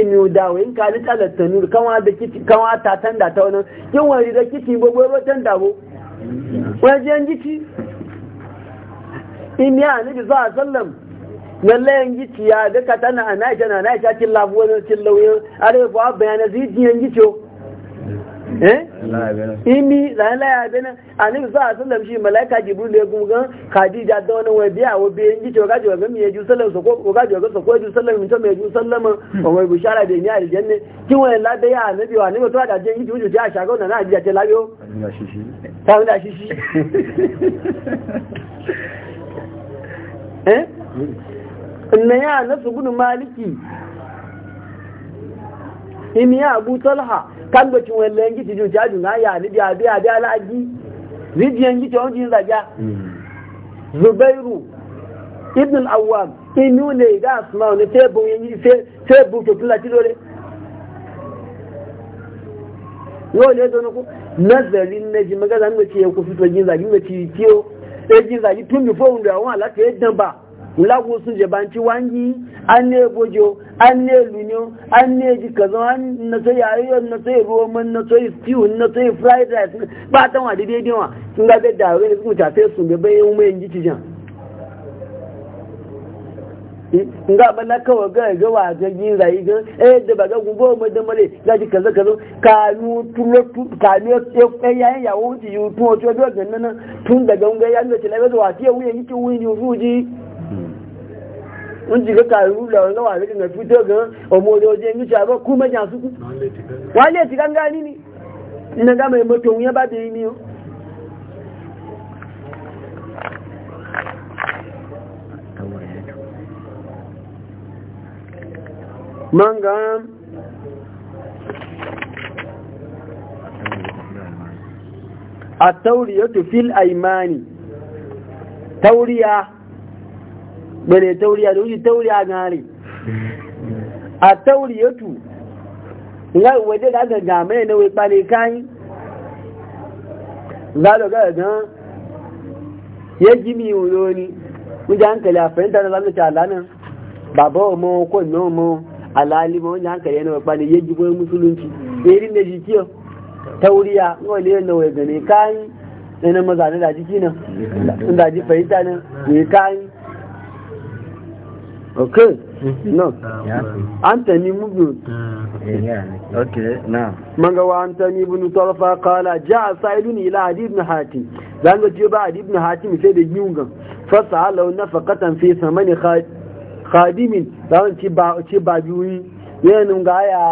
emi dawo in ka lita da tanur kanwa da kiti kanwa ta tanda ta wannan kin wani da kiti bo bo tanda bo wajen jiki in ya nabi zuwa alaihi wasallam lallayen gici ya ga katana a naisha na naisha cin labuwa cin lauyin arewa bayanan zidiyan o. eh imi la la ya bena ani za sallam shi malaika jibril ya gan khadija da wani wa biya wa biyan ji to gaji ga miye ju sallam so ko gaji ga so ko ju sallam min to me ju wa wai bushara da ni aljanna kin la da ya wa ni to da je ji ju ja shago na na ji ta layo ta da shi shi eh inna ya nasu gudu maliki imi ya abu talha kan da cin wani yanki cikin cajin na ya ni biya biya biya la'aji rijiyan yanki wani jin zaga hmm. zubairu ibn al'awam inu ne ga asma wani tebun yanki tebun ke tula tilo ne yau ne zo nuku nazari na ji magaza nuna ce ya ku to jin zagi nuna ci kiyo ya jin zagi tun bifo wanda yawon alaƙa yadda ba wula ko sun je banci wangi an ne bojo an ne lunyo an ne ji kaza an na sai yayo na sai ruwa man na sai stew na sai fried rice ba ta wa dide dai sun ga da wani sun ta sai sun ga bayan mu yanji ci jan nga bala kawa ga ga wa ga gi rai ga eh da ba ga gubo mu da male ga ji kaza kaza kanu tulo kanu ya kai yayin ya wuce yu to to ga nan tun daga ga yayin wa ti wuya wuya fuji. ń jìgẹ́ kàrú lọ́rọ̀ lọ́wọ́ àríkì rẹ̀ fún tóògán ọmọ orí ọjọ́ inú ṣe àbọ̀ kú mẹ́jà súnkú wà lè ti gángá níní iná gámà ìmọ̀tò òun yẹn bá bèèrè ní ọ́ mangan bane tauriya da wuce tauriya na hari a tauriyatu ya waje da aka game na wai kpane kayi za da ga gan ya ji mi wuyo ni wuce hankali a fahimta na zamu ta alanin baba omo ko ina omo alali ma wuce hankali na wai kpane ya ji goyi musulunci irin na ji kiyo tauriya nga wale na wai gane kayi ina maza na da jiki nan da ji fahimta nan ne kayi okay mm-hmm. no antani tamimu bin okay na manga wa antani ibn bin tarfa qala jaa sa'idun ila hadid ibn hatim zanga je ba hadid ibn hatim sai da yunga fa sa'ala nafaqatan fi samani khadimin zanga ci ba ci ba biyu yayin ga ya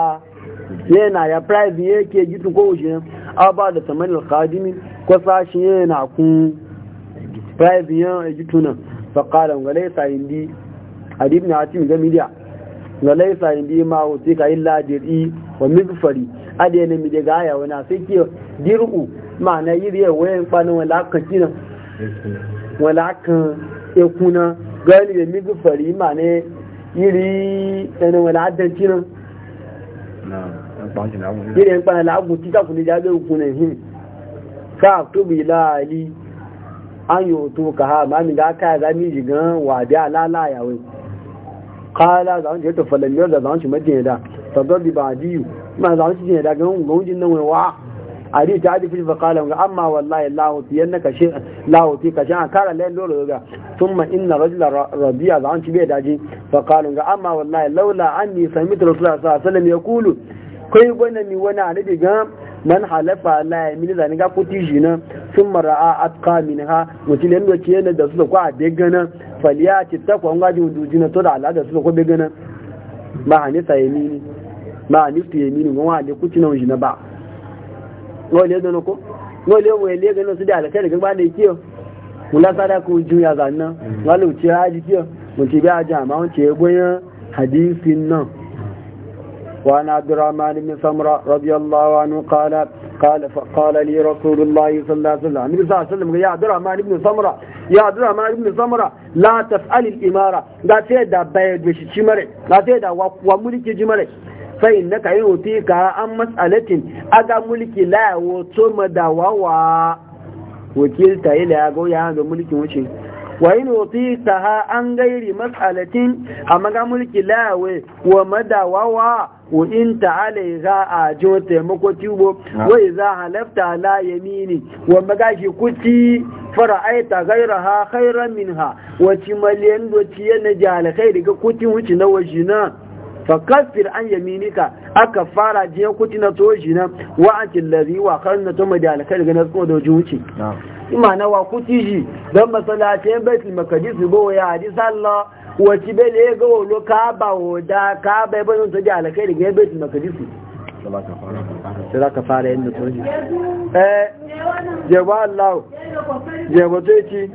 yana ya price yake gitu ko wuce aba da samani khadimin ko sashi yana kun price yan gitu na fa qala ga laysa indi hadith na hatim ga midiya ga laisa indi ma wuce ka illa dir'i wa mizfari ade ne mi daga aya wana sai ke dir'u ma'ana yiri ya wayan kwanan wala kan kina wala ekuna gani da mizfari ma'ana yiri ɗan wala addan kina yiri yan kwanan la'agun hin ka yi ka ha ma mi ga aka ya zami jigan wa da lalaya wai kala za wani jirta falamiyar da za wani majin da sabon ribadiyu ma za wani cikin da ga wujin nan wa a ri ta ji fi fakala ga amma wallahi lahuti yan naka shi lahuti ka shi a kara layin lolo ga sun ma inna rajula rabiya za wani bai daji fakala ga amma wallahi laula an ni sami da rasulullah sallallahu alaihi wasallam ya kulu kai gwani mi wani a anabi ga man halafa la ya mini zani ga kuti shi nan sun mara'a atka min ha mutum yadda da su ko a be gana faliya ce ta kwa ngaji wujuji na to da al'ada su da be gana ba hani sa ya mini ba hani su mini gwa da kuti na wujina ba ngole da ko ngole wo ele ga su da ba kiyo kula sada ko juya haji kiyo hadisin nan وعن عبد الرحمن بن سمرة رضي الله عنه قال قال فقال لي رسول الله صلى الله عليه وسلم النبي صلى الله عليه وسلم يا عبد الرحمن بن سمرة يا عبد الرحمن بن سمرة لا تفعل الإمارة لا تيدا بيد بشي مري لا تيدا وملك جمري فإنك يؤتيك أم مسألة أجا ملك لا وتم ووا وكلتا إلى أقول يا ملك وشي وإن وطيتها عن غير مسألة أما ملك لا ومدى ووا wa in ta'ala za a jo taimako tubo ah. wai za halafta la mini wa magashi kuti fara'aita gairaha khairan minha wacce timaliyan do tiyana jala khairi daga kuti wuce na na fakaffir an yaminika aka fara jiya kuti na toji na wa'akin lari ah. wa karna to mai alkhairi da wuce imana wa don masalacin baitul makadis bo ya hadis Allah wace bai ya ga wano ka ba wada ka ba bai bai wata jihar alakai da gaibe su maka jisu sai za ka fara yadda tsoji eh jeba allahu jeba zai ci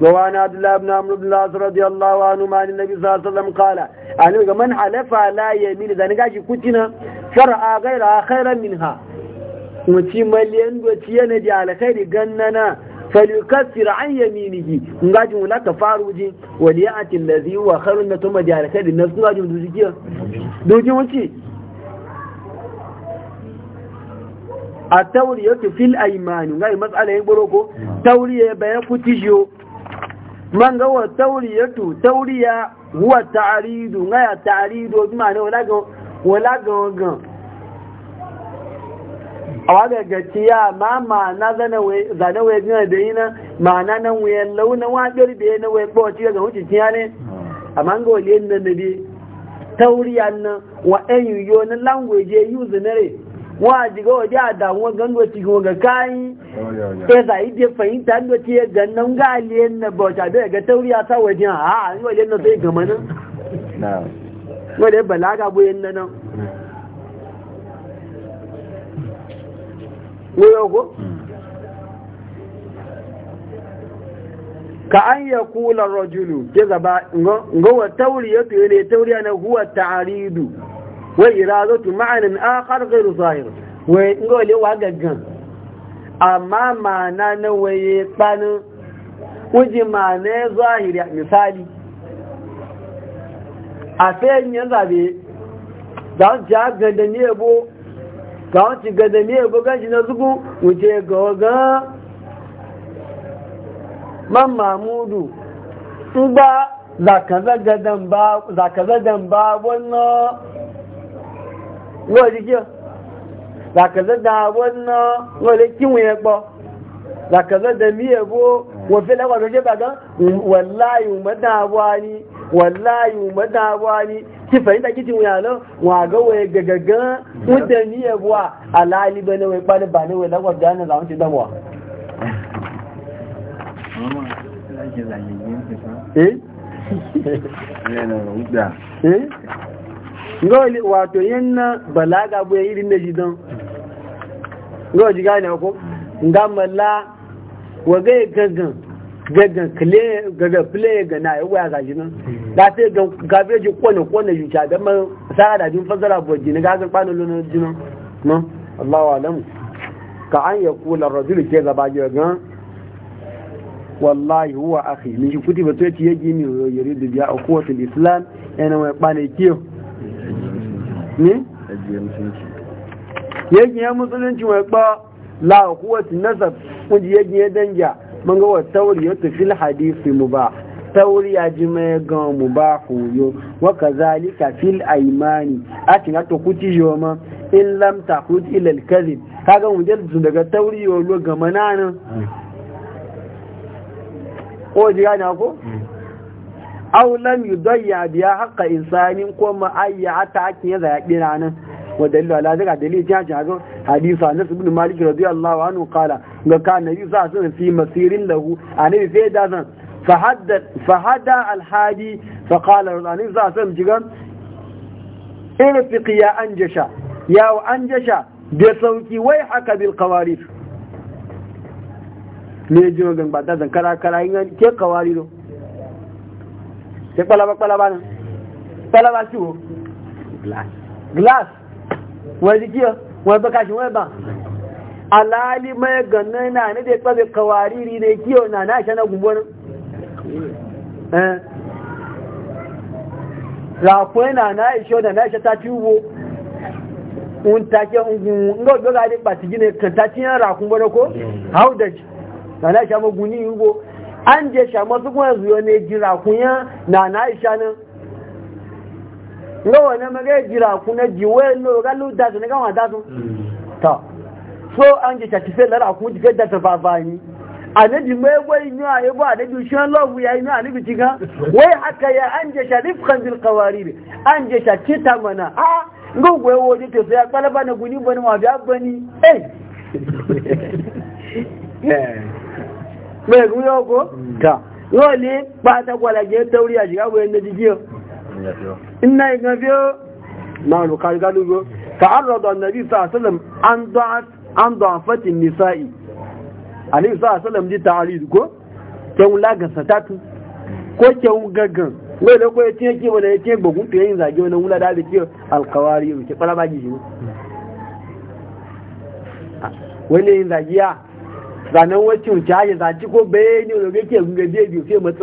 gawa na adilabu na amurdu lasu radiyallahu anu ma'anin na bisa salam kala a ne ga man halafa laye mini zane gashi kutina a gaira a khairan min ha mutum maliyan gwaci yana jihar alakai da gannana فليكفر عن يمينه نجاج ولا كفاروج وليأتي الذي هو خير من ثم جعل خير الناس نجاج دوجي دوجي وشي التورية في الأيمان نجاج مسألة يبروكو تورية بيان كتجيو من هو التورية تورية هو التعريض نجاج التعريض وما نقول ولا قوة da gaci ya ma ma'ana zane wai jina da yi na ma'ana nan wuya launin waɗiyar da ya na wai ɓawa cikin ga wucin ciya ne amma ga wale na na bi tauriya na wa ɗan yiwuwa na langwaje yi e zinare wa jiga waje a damuwa gango cikin ga kayi ya e za yi je fahimta an ce ya gan nan ga aliyan na bauta da ga tauriya sa waje a a yi wale na sai e gama nan ya balaga buyin nan ko ka an ya kula rajulu ke gaba ga wa tauriyatu ne tauriya na huwa ta'aridu wa iradatu ma'anin akhar ghayr zahir wa ngo le wa gaggan amma ma'ana na waye tsani uji ma'ana zahiri misali a fayin yanzu zabe da ja ga da nebo ga wanci ga da miye bugan shi na zugu wuce ga waga man mamudu in ba zakazadan ba wannan wọ́n jíkí wọ́n lè kíwìn ẹgbọ́ zakazadan miye bó wọ́n fi lẹ́wọ̀n ki fahimta kitin wuyanan wa ga waye gagagan wadda ni ya buwa alali bane wai kwani ba ne wai lagos da yana zamanci damuwa eh? eh? Gawali wato yanna balaga bu ya irin da shi don. Gawali gane ko? Gamala wa gaya gangan gagan kile gaga play ga na yau ga shi nan da sai ga gabe ji kone kone yi ta man sa da jin fazara boji ne ga ga kwano lono jin no Allahu alamu ka an ya kula rajul ke ga ba ga wallahi huwa akhi ni shi kuti ba tace yaji ni yuridu bi aqwatul islam yana e mai bane kiyo ne yaji ya musulunci mai ba la aqwatu nasab kun ji yaji ya danja mun ga wata tauriyatu fil hadisi mu mubah tauriya ji mai gan mu ba koyo wa ka kazalika fil aimani a cikin to kuti yoma in lam takut ila al kadhib kaga mu da su daga tauriyo lo ga manana ko ji gane ko aw lam yudayya biya haqqa insanin ko ma ayya ta akin ya zaya kira nan ودليل على ذلك دليل جاء A حديث عن بن مالك رضي الله عنه قال A النبي صلى الله عليه وسلم في مسير له عليه في دازن فحدث فهدى الحادي فقال النبي صلى الله عليه وسلم جيغان يا انجشا يا انجشا بصوتي ويحك بالقوارير ne ji gan ba da zankara kara yin ke kawari do ke kwalaba kwalaba nan kwalaba ciwo glass glass wọ́n ti kíyọ wọ́n bẹ́ káṣí wọ́n bà alali mai ganna na ne da tsabe kawariri ne kiyo na na shana gumbon eh rakwai na na isho da na ta tubo un take un ngo do ga de patigi ne kan ta ra kun bono ko how da na na sha shama guni yugo an je shama su kuma zuyo ne jira kunya na na isha nan lọ́wọ́ ní mẹ́rẹ́ ìjìrà fún ẹjìwé lóòrá ló dájú ní káwọn dájú tọ́ so an jẹ́ ṣàkífẹ́ lára fún jìfẹ́ dájú bàbá yìí àníbi mẹ́wọ́ inú àyẹ́bọ́ àníbi ṣán lọ́wọ́ ya inú àníbi ti gan wọ́n haka ya an jẹ́ ṣàríf kanzil kawari rẹ̀ an jẹ́ ṣàkíta mana a gbogbo ẹwọ́ ya pálábá na guni bani wà bí ina igan biyo na lukari galugo ta'arrada annabi sallallahu alaihi wasallam an da'at an da'afati nisa'i alaihi sallallahu alaihi wasallam ji ta'arid ko kan laga ko gaggan wai da ko yake gbogbo yin zage wula da da ke ke shi wai ne yin zaci ko bayani ke biyu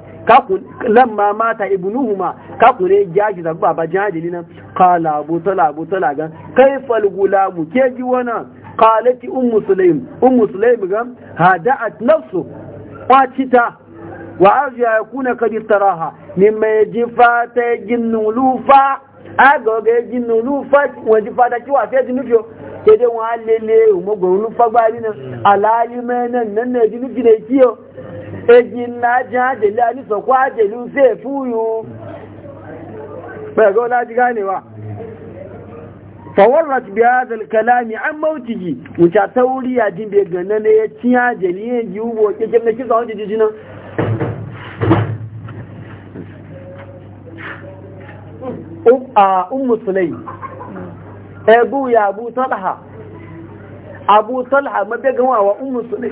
lamma mata ibnuhuma kakure jaji da baba jahili nan qala abu tala abu tala ga kayfal gulamu ke ji wana qalati ummu sulaim ummu sulaim ga hada'at nafsu qatita wa ha? yakuna qad taraha mimma yajifa ta jinnulufa ago ga jinnulufa wajifa da ki wa fe jinnufio ke de wa lele umogo nufa gbari nan alali menan nan ne jinnufi ne kiyo ejin na ji hajjali alisa ko hajjali sai fuyu bai ga wala ji ganewa fawarrat bi hadha al-kalam an mawtiji wuta tauri ya jin bai ganna ne ya ci hajjali ya ji ubo ke kin ne kisa wanda jijina ummu sulay abu ya abu talha abu talha mabe gawa wa ummu sulay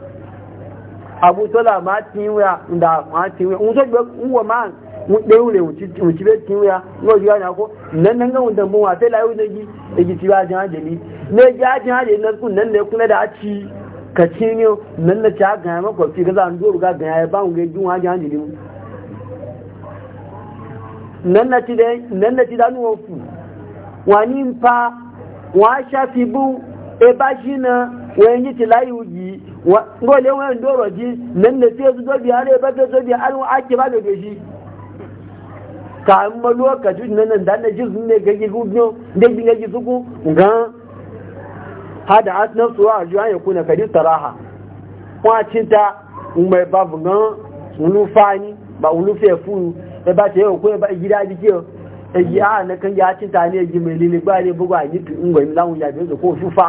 abu tola ma tiwa da ma tiwa un so gbe wo ma un de ure un ti be tiwa no ji ana ko nan nan gan da mu wa te la yu ji e ji tiwa jan je ni ne ja jan je na ku nan ne kun da ci ka ci ni nan na ta ga ma ko ti ga zan do ga ga ya ba un ge ju wa jan je ni nan na ti de nan na ti da nu ofu wani mpa wa fi bu e ba shi na wayan yi tilayi wuji gole wayan doro ji nan da sai su zobi har e, ba ta zobi har wa ake ba da shi ka an ma lokaci nan nan da na ji sun ne ga gizu ne da bi ga gizu ku ga hada asnan su wa ya kuna kadi taraha kwacin ta mai babu gan ulufani ba ulufe furu e ba ce yau ko ba gida jikiyo èyí àà nìkan yà á ti ta ní èyí mẹ́lẹ́lẹ́gbà ní gbogbo àyíkì ń gbẹ̀mí láwọn ìyàgbé ìsòkó òṣùfà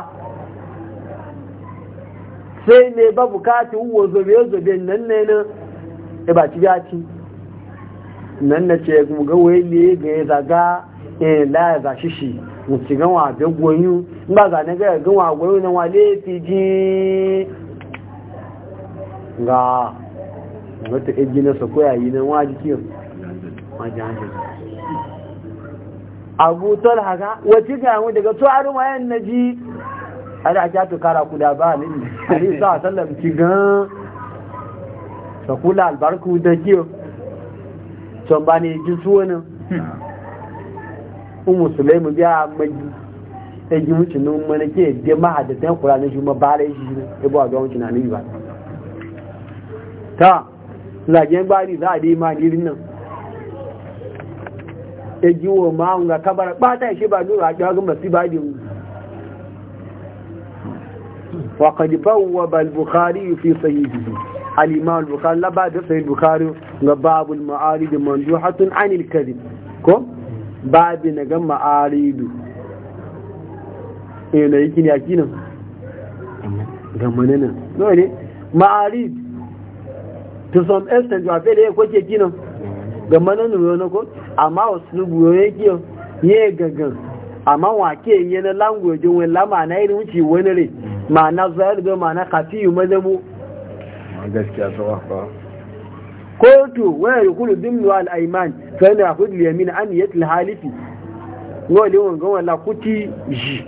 sai ne babu bukati uwa zobe zobe nan ne na e ba ci ci nan na ce mu ga wai ne ga ya zaga eh la ya zashi shi mu ci ga wa ga goyu in ba za ne ga ga wa goyu nan wa le fi ji ga wata e na sa koya yi nan wa ji ki ma ji abu talha ga wace ga mu daga to aruma yan naji a jatu kara kuda ba ni ne sa sallam ki gan so kula albarku da jiyo so ba ne ji suwanin un musulmi biya maji ta e ji wuce nun mana ke je mahadatan kuranin shi ma bare shi ne ya ba ga wuce na ni ba ta lagen bari za a dai ma ni nan ya e ji wa ma'un ga kabar ba ta shi ba nura a ɗaga masu ba da وقد بوب البخاري في صحيحه الامام البخاري لا بعد صحيح البخاري باب المعارض ممدوحة عن الكذب كم باب نجم معارض إيه نيجي نيجي نم ne ma'arif to some extent wa fere ko ke kino ko amma kiyo ye gagan amma wa ke na irin wuce wani rai ma'ana zahir da ma'ana kafiyu mazabu kotu wani rikulu dimnuwa al'aiman sai na hudu liyamin an yi tsil halifi wani lewan gawa la kuti ji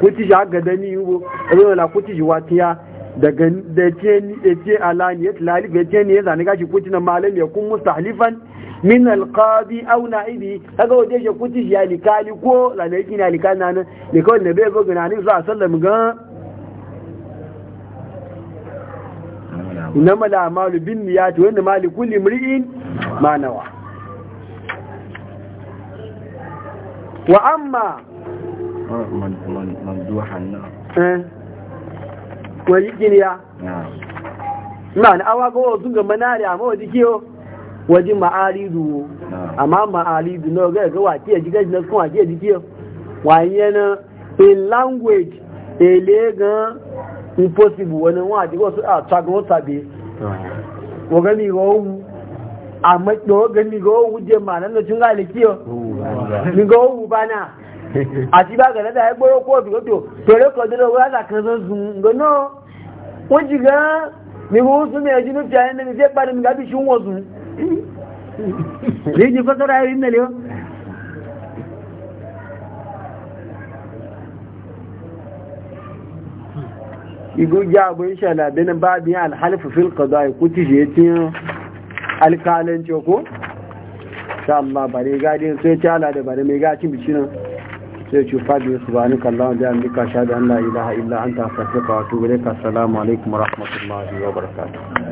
kuti ji haka dani yi wani lewan la kuti ji watiya daga da ce alani ya tsil halifi ya ce ne ya zane gashi kuti na malam ya kun musta halifan min alqadi aw na'ibi kaga waje shi kuti ya likali ko la ne kina na nan ne kawai na bai bugu su a sallam ga inama la amalu bin niyati wa inama li kulli imri'in ma nawa wa amma mamduhan eh wa yikiniya na na awa go zunga manari amma wa dikiyo waje ma'aridu amma ma'aridu na ga ga wake ya jiga na kuma ke jike wanye na in language ele ga impossible wani a ni ga wu bana àti bá wọ́n látàkan tó zùn wọ́n jì gan-an ni wọ́n súnmọ̀ ẹjú ló fi àyẹ́ nẹ́ni tí pàdé mi gábí ṣe ń wọ̀ zai ji fasara yayin da lewa igogya abin shalabinin babin alhalifin filkada ya kuti shi ya tiyan alkalin coko sha Allah bare gadi sai ci ala da bare mai gaci bici nan sai ci fadi su ba ni kallon da an duka sha da Allah ilaha illa anta astaghfiruka wa atubu ilayka assalamu alaikum wa rahmatullahi wa barakatuh